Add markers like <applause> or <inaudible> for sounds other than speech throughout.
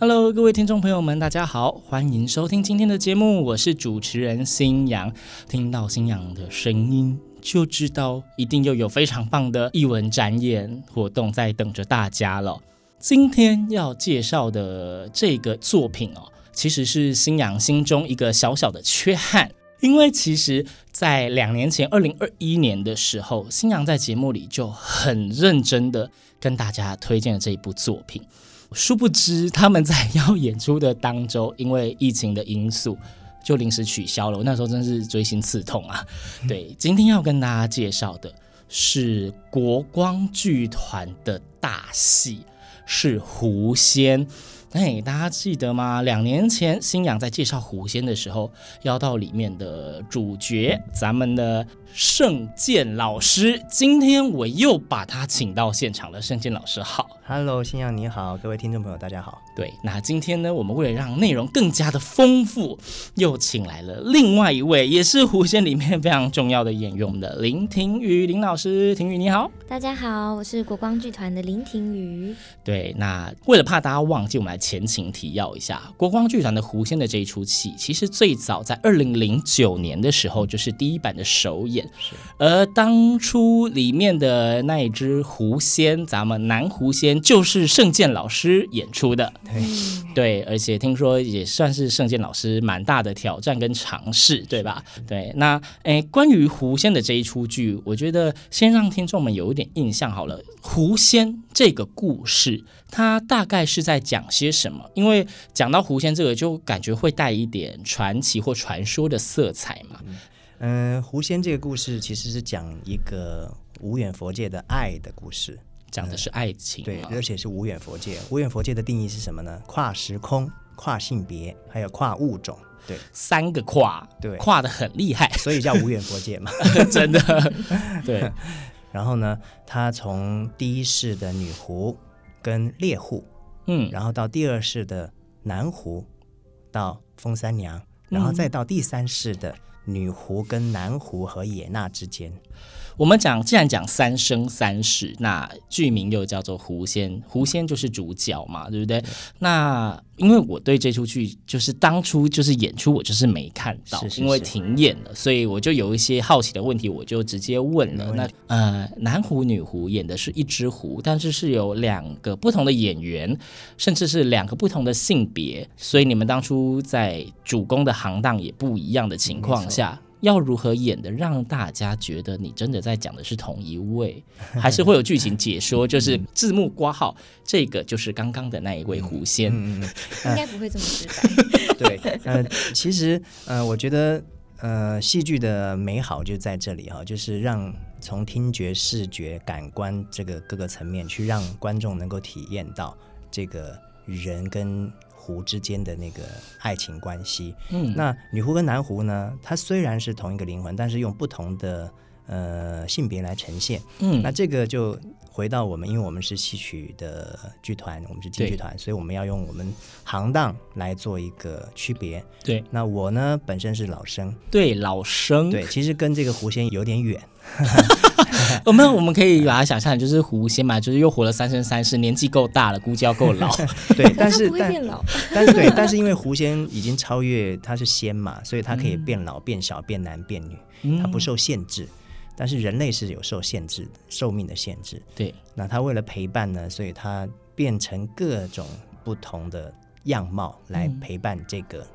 Hello，各位聽眾朋友們，大家好，歡迎收聽今天的節目，我是主持人星洋。聽到星洋的聲音，就知道一定又有非常棒的藝文展演活動在等着大家了。今天要介紹的這個作品哦，其實是星洋心中一個小小的缺憾，因為其實在兩年前，二零二一年的時候，星洋在節目裡就很認真的跟大家推薦了這一部作品。殊不知，他們在要演出的當週，因為疫情的因素，就臨時取消了。我那時候真是錐心刺痛啊！對，今天要跟大家介紹的是國光劇團的大戲，是《狐仙》。哎，大家記得嗎？兩年前星洋在介紹《狐仙》的時候，邀到裡面的主角，咱們的盛鑑老師。今天我又把他請到現場了。盛鑑老師好，好，Hello，星洋你好，各位聽眾朋友，大家好。對，那今天呢，我們為了讓內容更加的豐富，又請來了另外一位，也是狐仙裡面非常重要的演員，我們的林庭瑜，林老師。庭瑜你好，大家好，我是國光劇團的林庭瑜。對，那為了怕大家忘記，我們來前情提要一下，國光劇團的《狐仙》的這一出戲，其實最早在二零零九年的時候就是第一版的首演，是而當初裡面的那一只狐仙，咱們男狐仙就是盛鑑老師演出的。對，而且聽說也算是盛鑑老師蠻大的挑戰跟嘗試，對吧？對，那誒，關於狐仙的這一出劇，我覺得先讓聽眾們有一點印象好了。狐仙這個故事，它大概是在講些什麼？因為講到狐仙這個，就感覺會帶一點傳奇或傳說的色彩嘛。嗯，呃、狐仙這個故事其實是講一個無遠弗屆的愛的故事。講的是愛情，嗯，對，而且是無遠弗屆。無遠弗屆的定義是什麼呢？跨時空、跨性別，還有跨物種，對，三個跨，對，跨得很厲害，所以叫無遠弗屆嘛， <laughs> 真的。對，然後呢，他從第一世的女狐跟獵戶，嗯，然後到第二世的男狐，到封三娘，嗯、然後再到第三世的。女狐跟男狐和野娜之間，我們講既然講三生三世，那劇名又叫做《狐仙》，狐仙就是主角嘛，嗯、對不對？嗯、那。因為我對這出劇就是當初就是演出我就是沒看到，是是是因為停演了，所以我就有一些好奇的問題，我就直接問了。問那呃，男狐女狐演的是一隻狐，但是是有兩個不同的演員，甚至是兩個不同的性別，所以你們當初在主攻的行當也不一樣的情況下。要如何演得，讓大家覺得你真的在講的是同一位，還是會有劇情解說，就是字幕掛號？這個就是剛剛的那一位狐仙， <music> 應該不會這麼直白。 <laughs> 對，呃，其實呃，我覺得呃，戲劇的美好就在這裡哈，就是讓從聽覺、視覺、感官這個各個層面去讓觀眾能夠體驗到這個人跟狐之間的那個愛情關係，嗯，那女狐跟男狐呢？它雖然是同一個靈魂，但是用不同的呃性別來呈現，嗯，那這個就回到我們，因為我們是戲曲的劇團，我們是京劇團，對所以我們要用我們行當來做一個區別，對。那我呢，本身是老生，對老生，對，其實跟這個狐仙有點遠。 <laughs> 我們我們可以把它想象，就是狐仙嘛，就是又活了三生三世，年紀夠大了，估計要夠老， <laughs> 對。但是但，他不會變老。 <laughs> 但是對，但是因為狐仙已經超越，他是仙嘛，所以他可以變老、變小、變男、變女，他不受限制。嗯、但是人類是有受限制，壽命的限制。對，那他為了陪伴呢，所以他變成各種不同的樣貌來陪伴這個、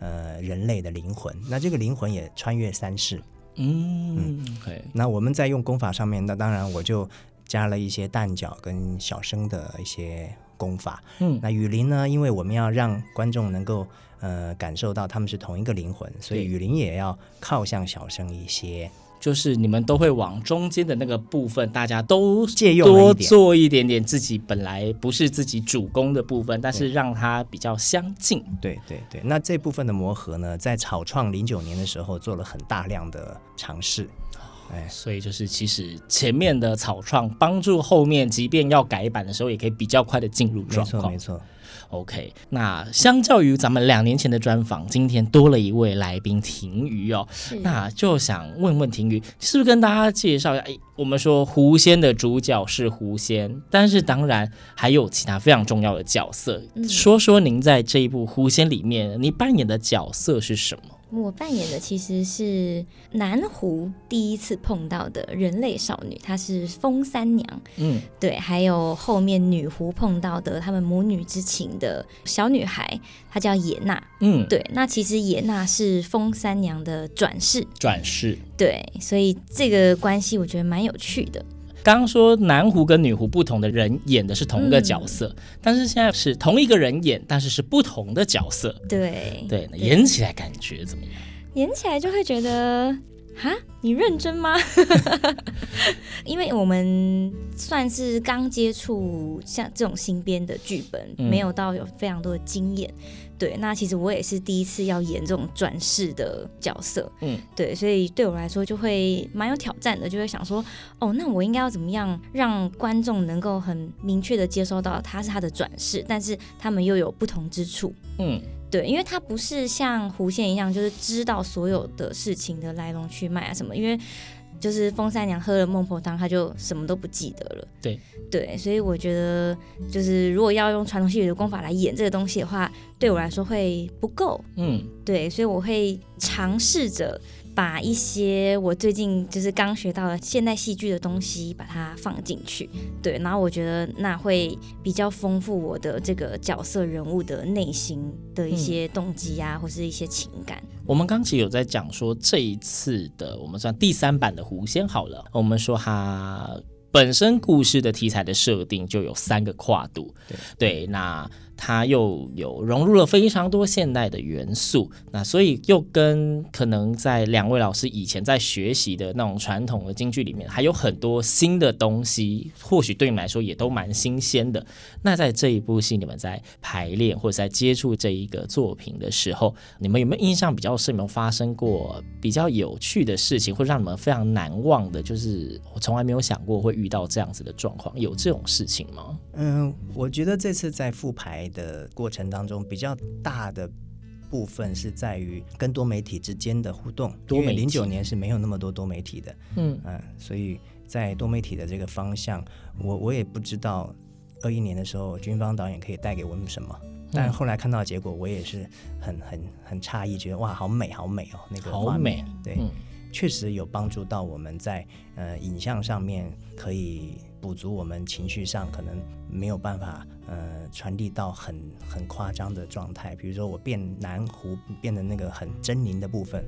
嗯、呃人類的靈魂。那這個靈魂也穿越三世。嗯，OK。那我們在用功法上面呢，那當然我就加了一些旦角跟小生的一些功法。嗯，那雨林呢？因為我們要讓觀眾能夠呃感受到他們是同一個靈魂，所以雨林也要靠向小生一些。就是你們都會往中間的那個部分，大家都借用多做一點點自己本來不是自己主攻的部分，但是讓它比較相近。對對對，那這部分的磨合呢，在草創零九年的時候做了很大量的嘗試。哎，所以就是其實前面的草創幫助後面，即便要改版的時候，也可以比較快的進入狀況。沒錯，沒錯。OK，那相較於咱們兩年前的專訪，今天多了一位來賓庭瑜哦。是那就想問問庭瑜，是不是跟大家介紹一下？哎，我們說狐仙的主角是狐仙，但是當然還有其他非常重要的角色。嗯、說說您在這一部狐仙裡面，你扮演的角色是什麼？我扮演的其實是男狐第一次碰到的人類少女，她是風三娘。嗯，對，還有後面女狐碰到的她們母女之情的小女孩，她叫野娜。嗯，對，那其實野娜是風三娘的轉世。轉世。對，所以這個關係我覺得蠻有趣的。剛說男狐跟女狐不同的人演的是同一個角色，嗯，但是現在是同一個人演，但是是不同的角色。對對，對，那演起來感覺怎麼樣？演起來就會覺得。啊，你認真嗎？ <laughs> <laughs> 因為我們算是剛接觸像這種新編的劇本，沒有到有非常多的經驗。嗯、對，那其實我也是第一次要演這種轉世的角色。嗯，對，所以對我來說就會蠻有挑戰的，就會想說，哦，那我應該要怎麼樣讓觀眾能夠很明確的接收到他是他的轉世，但是他們又有不同之處。嗯。對，因為它不是像狐仙一樣，就是知道所有的事情的來龍去脈啊什麼。因為就是封三娘喝了孟婆湯，她就什麼都不記得了。對對，所以我覺得就是如果要用傳統戲曲的功法來演這個東西的話，對我來說會不夠。嗯，對，所以我會嘗試着。把一些我最近就是剛學到的現代戲劇的東西，把它放進去，對，然後我覺得那會比較豐富我的這個角色人物的內心的一些動機啊，嗯，或是一些情感。我們剛才有在講說，這一次的我們算第三版的狐仙好了，我們說它本身故事的題材的設定就有三個跨度，嗯，對，那。它又有融入了非常多現代的元素，那所以又跟可能在兩位老師以前在學習的那種傳統的京劇裡面還有很多新的東西，或許對你們來說也都蠻新鮮的。那在這一部戲你們在排練或者在接觸這一個作品的時候，你們有沒有印象比較深？有沒有發生過比較有趣的事情，或者讓你們非常難忘的？就是我從來沒有想過會遇到這樣子的狀況，有這種事情嗎？嗯，我覺得這次在復排。的過程當中，比較大的部分是在於跟多媒體之間的互動。因為零九年是沒有那麼多多媒體的，嗯，嗯，所以在多媒體的這個方向，我我也不知道二一年的時候軍方導演可以帶給我們什麼，但後來看到結果，我也是很很很詫異，覺得哇，好美，好美哦，那個好美，對。嗯確實有幫助到我們在呃影像上面，可以補足我們情緒上可能沒有辦法呃傳遞到很很誇張的狀態。比如說我變南湖變得那個很猙獰的部分。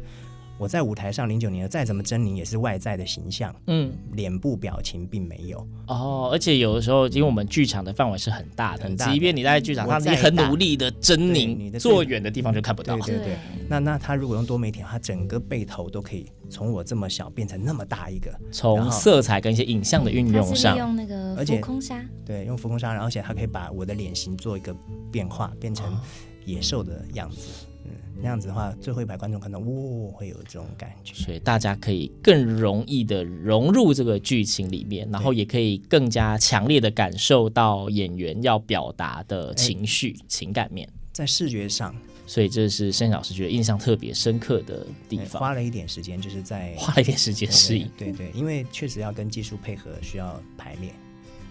我在舞台上，零九年的再怎麼猙獰，也是外在的形象，嗯，臉部表情並沒有哦。而且有的時候，因為我們劇場的範圍是很大的，很大，即便你在劇場上，他自己很努力的猙獰，你的坐遠的地方就看不到。對對，對，對，那那他如果用多媒體，他整個背頭都可以從我這麼小變成那麼大一個，從色彩跟一些影像的運用上，嗯、用那個浮空紗，而且對，用浮空紗，然後而且他可以把我的臉型做一個變化，變成野獸的樣子。哦。嗯，那樣子的話，最後一排觀眾可能喔會有這種感覺，所以大家可以更容易的融入這個劇情裡面，然後也可以更加強烈的感受到演員要表達的情緒、欸、情感面，在視覺上，所以這是盛老師覺得印象特別深刻的地方。欸、花了一點時間，就是在花了一點時間適應，對，對對，因為確實要跟技術配合，需要排練。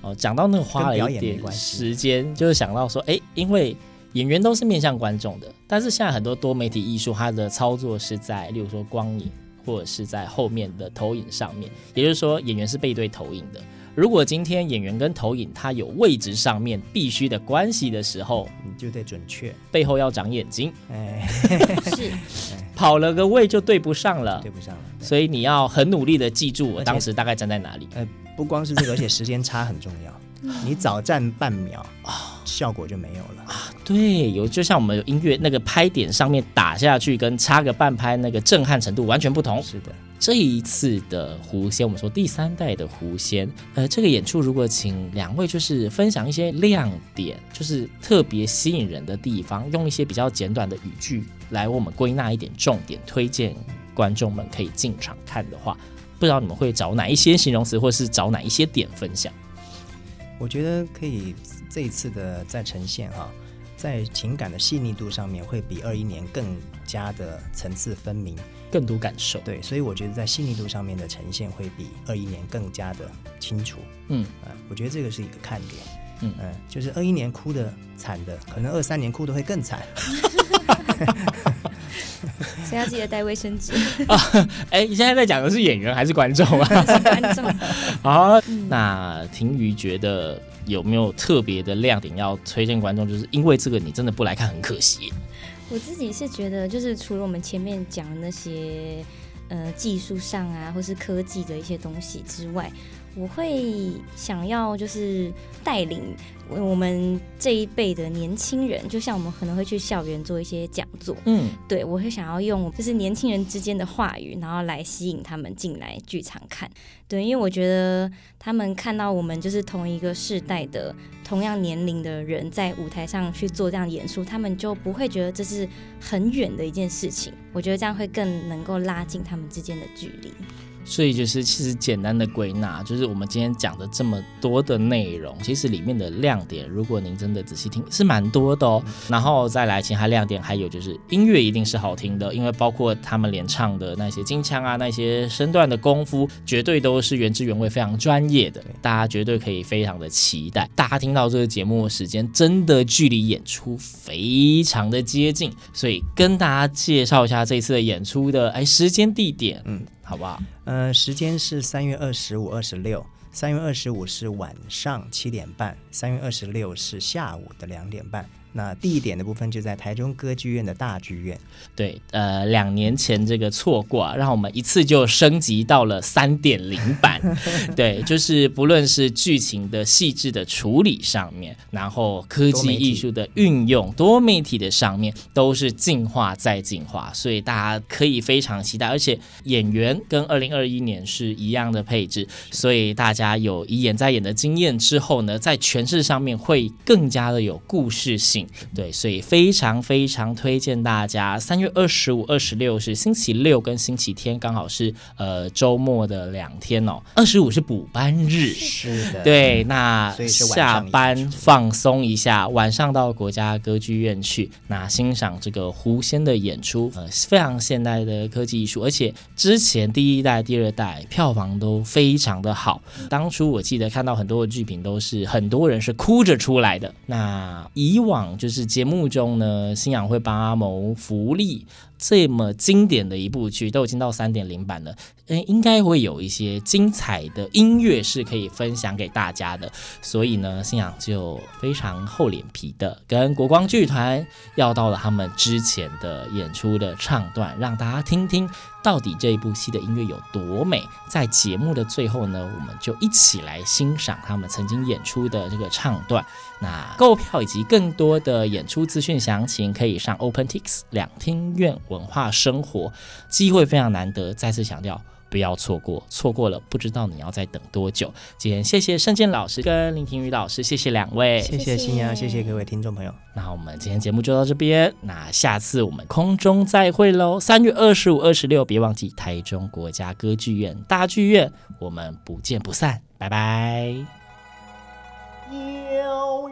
哦，講到那個花了一點時間，就是想到說，哎、欸，因為。演員都是面向觀眾的，但是現在很多多媒體藝術，它的操作是在，例如說光影或者是在後面的投影上面，也就是說演員是背對投影的。如果今天演員跟投影它有位置上面必須的關係的時候，你就得準確，背後要長眼睛。哎， <laughs> 是，哎、跑了個位就對不上了，對不上了。所以你要很努力的記住我當時大概站在哪裡。呃，不光是這個，而且時間差很重要。 <laughs> 你早站半秒啊，哦，效果就沒有了啊。對，有就像我們音樂那個拍點上面打下去，跟插個半拍那個震撼程度完全不同。是的，這一次的狐仙，我們說第三代的狐仙，呃，這個演出如果請兩位就是分享一些亮點，就是特別吸引人的地方，用一些比較簡短的語句來為我們歸納一點重點，推薦觀眾們可以進場看的話，不知道你們會找哪一些形容詞，或是找哪一些點分享？我覺得可以，這一次的再呈現哈、啊，在情感的細膩度上面會比二一年更加的層次分明，更多感受。對，所以我覺得在細膩度上面的呈現會比二一年更加的清楚。嗯、呃，我覺得這個是一個看點。嗯嗯、呃，就是二一年哭的慘的，可能二三年哭的會更慘。 <laughs> 要記得帶衛生紙。哎、 <laughs> 哦，你、欸、現在在講的是演員還是觀眾啊？觀眾。啊，那庭瑜覺得有沒有特別的亮點要推薦觀眾？就是因為這個，你真的不來看很可惜。我自己是覺得，就是除了我們前面講的那些呃技術上啊，或是科技的一些東西之外。我會想要就是帶領我們這一輩的年輕人，就像我們可能會去校園做一些講座，嗯，對，我會想要用就是年輕人之間的話語，然後來吸引他們進來劇場看，對，因為我覺得他們看到我們就是同一個世代的、同樣年齡的人在舞台上去做這樣演出，他們就不會覺得這是很遠的一件事情。我覺得這樣會更能夠拉近他們之間的距離。所以就是，其實簡單的歸納就是，我們今天講的這麼多的內容，其實裡面的亮點，如果您真的仔細聽，是蠻多的哦。然後再來其他亮點，還有就是音樂一定是好聽的，因為包括他們連唱的那些京腔啊，那些身段的功夫，絕對都是原汁原味，非常專業的，大家絕對可以非常的期待。大家聽到這個節目的時間，真的距離演出非常的接近，所以跟大家介紹一下這一次的演出的哎時間地點，嗯。好不好？呃，時間是三月二十五、二十六。三月二十五是晚上七點半，三月二十六是下午的兩點半。那第一點的部分就在台中歌劇院的大劇院。對，呃，兩年前這個錯過、啊，讓我們一次就升級到了三點零版。 <laughs> 對，就是不論是劇情的細緻的處理上面，然後科技藝術的運用、多媒,多媒體的上面，都是進化再進化，所以大家可以非常期待。而且演員跟二零二一年是一樣的配置，所以大家有一演再演的經驗之後呢，在詮釋上面會更加的有故事性。對，所以非常非常推薦大家。三月二十五、二十六是星期六跟星期天，剛好是呃周末的兩天哦。二十五是補班日，是的。對，那下班放鬆一下，晚上到國家歌劇院去，那欣賞這個《狐仙》的演出，呃，非常現代的科技藝術，而且之前第一代、第二代票房都非常的好。當初我記得看到很多的劇評，都是很多人是哭着出來的。那以往。就是節目中呢，星洋會幫阿謀福利這麼經典的一部劇，都已經到三點零版了誒，應該會有一些精彩的音樂是可以分享給大家的。所以呢，星洋就非常厚臉皮的跟國光劇團要到了他們之前的演出的唱段，讓大家聽聽到底這一部戲的音樂有多美。在節目的最後呢，我們就一起來欣賞他們曾經演出的這個唱段。那購票以及更多的演出資訊詳情，可以上 OpenTix 兩廳院文化生活，機會非常難得，再次強調，不要錯過，錯過了不知道你要再等多久。今天謝謝盛鑑老師跟林庭瑜老師，謝謝兩位，謝謝星洋，謝謝各位聽眾朋友。那我們今天節目就到這邊，那下次我們空中再會嘍。三月二十五、二十六，別忘記臺中國家歌劇院大劇院，我們不見不散，拜拜。